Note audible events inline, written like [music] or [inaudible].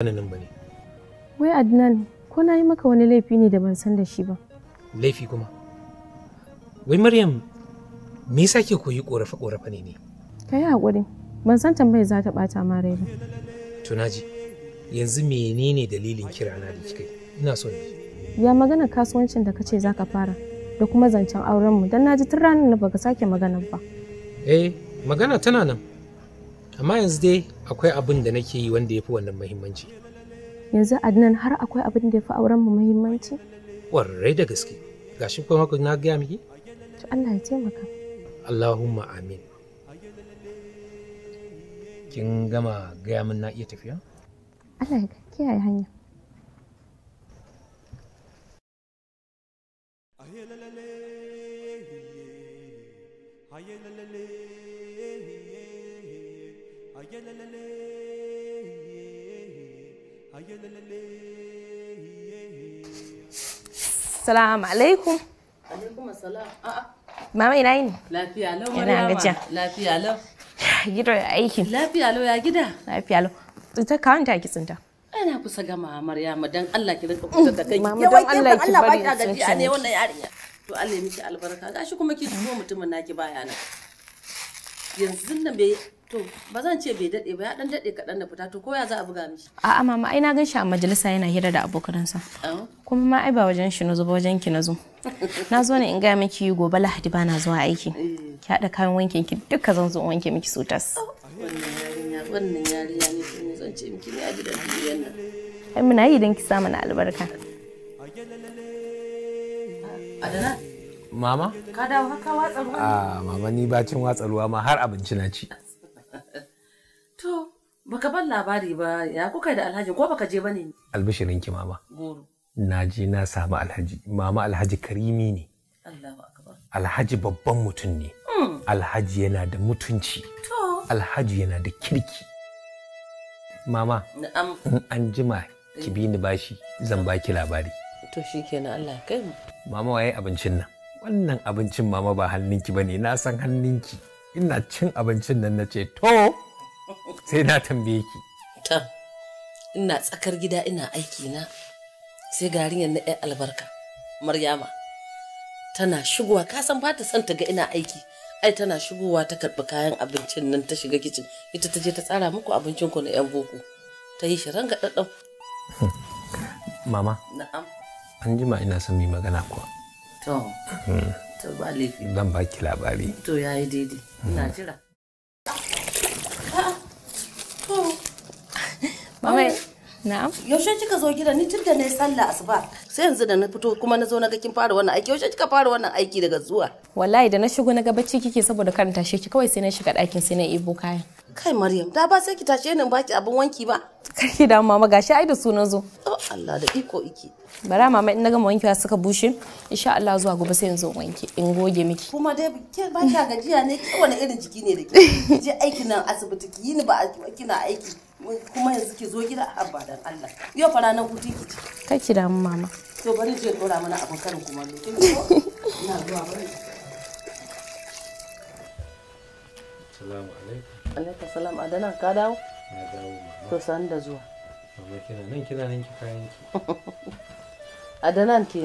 ba ne. wai Adnan ko na yi maka wani laifi ne da ban san da shi ba laifi kuma wai Maryam me yasa ke koyi korafa korafa ne ne yi hakuri ban san tambayar za ta bata ma rai ba tunaji yanzu menene dalilin kira na da kika ina so ne ya magana kasuwancin da kace zaka fara da kuma zancen auren mu dan ji tun ranar da baka sake magana ba eh magana tana nan amma yanzu dai akwai abin da nake yi wanda ya fi wannan muhimmanci yanzu adnan har akwai abin da ya fi auren mu muhimmanci warrai da gaske gashi kuma ku na gaya miki to Allah ya taimaka Allahumma amin kin gama gaya min na iya tafiya Allah ya kiyaye hanya Hayelelele, hayelelele, ayelelele ayelelele Assalamu alaikum. Alaikum assalam. Mama ina yini? Lafiya lau Yana gajiya. Lafiya lau. Gida ya aiki. Lafiya lau ya gida. Lafiya lau. Ita ka wanta ki tsinta. Ana kusa gama Maryama dan Allah ki rinka kusa da kai. Mama dan Allah ki bari ta gajiya ne wannan yarinya. To Allah ya miki albarka. Gashi kuma ki dubo mutumin naki baya nan. Yanzu nan bai To ba zan ce bai daɗe ba ya ɗan daɗe kaɗan da fita to ko ya za a buga mishi. A'a mama ai na gan shi a majalisa yana hira da abokansa. Kuma ma ai ba wajen shi na zo ba wajen ki na zo. [laughs] Na zo ne in gaya miki gobe Lahadi ba na zuwa aiki. Eh. Ki haɗa kayan wankin ki duka zan zo wanke miki su tas. Wannan yarinya ne to zan ce miki ne a gidan duniyar nan. Ai muna yi idan ki samu na albarka. Adana. Mama? Ka dawo haka watsa ruwa? Ah, mama ni bacin watsa ruwa ma har abinci na ci. Baka ban labari ba ya kuka da alhaji ko baka je bane? Albishirin ki mama. Goro. Na je na samu alhaji. Mama alhaji karimi ne. Allahu akbar. Alhaji babban mutum ne. Hmm. Alhaji yana da mutunci. To. Alhaji yana da kirki. Mama. Na'am. In an jima ki bi ni bashi zan baki labari. To shikenan Allah kai mu. Mama waye abincin nan? Wannan abincin mama ba hannunki bane na san hannunki. Ina cin abincin nan na ce to. sai na tambaye ki ta ina tsakar gida ina aiki na sai garin na 'yan albarka maryama tana shigowa ka san ba ta son ta ga ina aiki ai tana shigowa ta karɓi kayan abincin nan ta shiga kicin ita ta je ta tsara muku abincin ku na yan boko ta yi shi ranga ɗaɗɗau. [laughs] mama na'am an jima ina son mai magana kuwa to hmm. to ba laifi zan ba ki labari to yayi daidai ina jira Mama, na'am. Yaushe kika zo gidan ni tun da nayi sallah asuba. Sai yanzu da na fito kuma na zo na ga kin fara wannan aiki. Yaushe kika fara wannan aiki daga zuwa? Wallahi da na shigo na ga bacci kike saboda karin tashe ki kawai sai na shiga ɗakin sai na ibo kayan. Kai Maryam, da ba sai ki tashe ni baki abin wanki ba. Kar ki damu mama gashi ai da sunan zo. Allah da iko iki bara mama in naga gama suka bushe insha Allah zuwa gobe sai yanzu wanke in goge miki kuma dai ke ba ka gajiya ne ke wani irin jiki ne da ke je aiki nan asibiti ki yi ni ba kina aiki kuma yanzu ki zo gida a badan Allah yau fara nan hutu ki kai ki mu mama to bari je dora mana abin karin kumallo kin ko ina zuwa bari Assalamu alaikum. Alaikum salam Adana ka dawo? Na dawo mama. To san da zuwa. a ã o n e não, nem que d nem e cai, n e Adanante.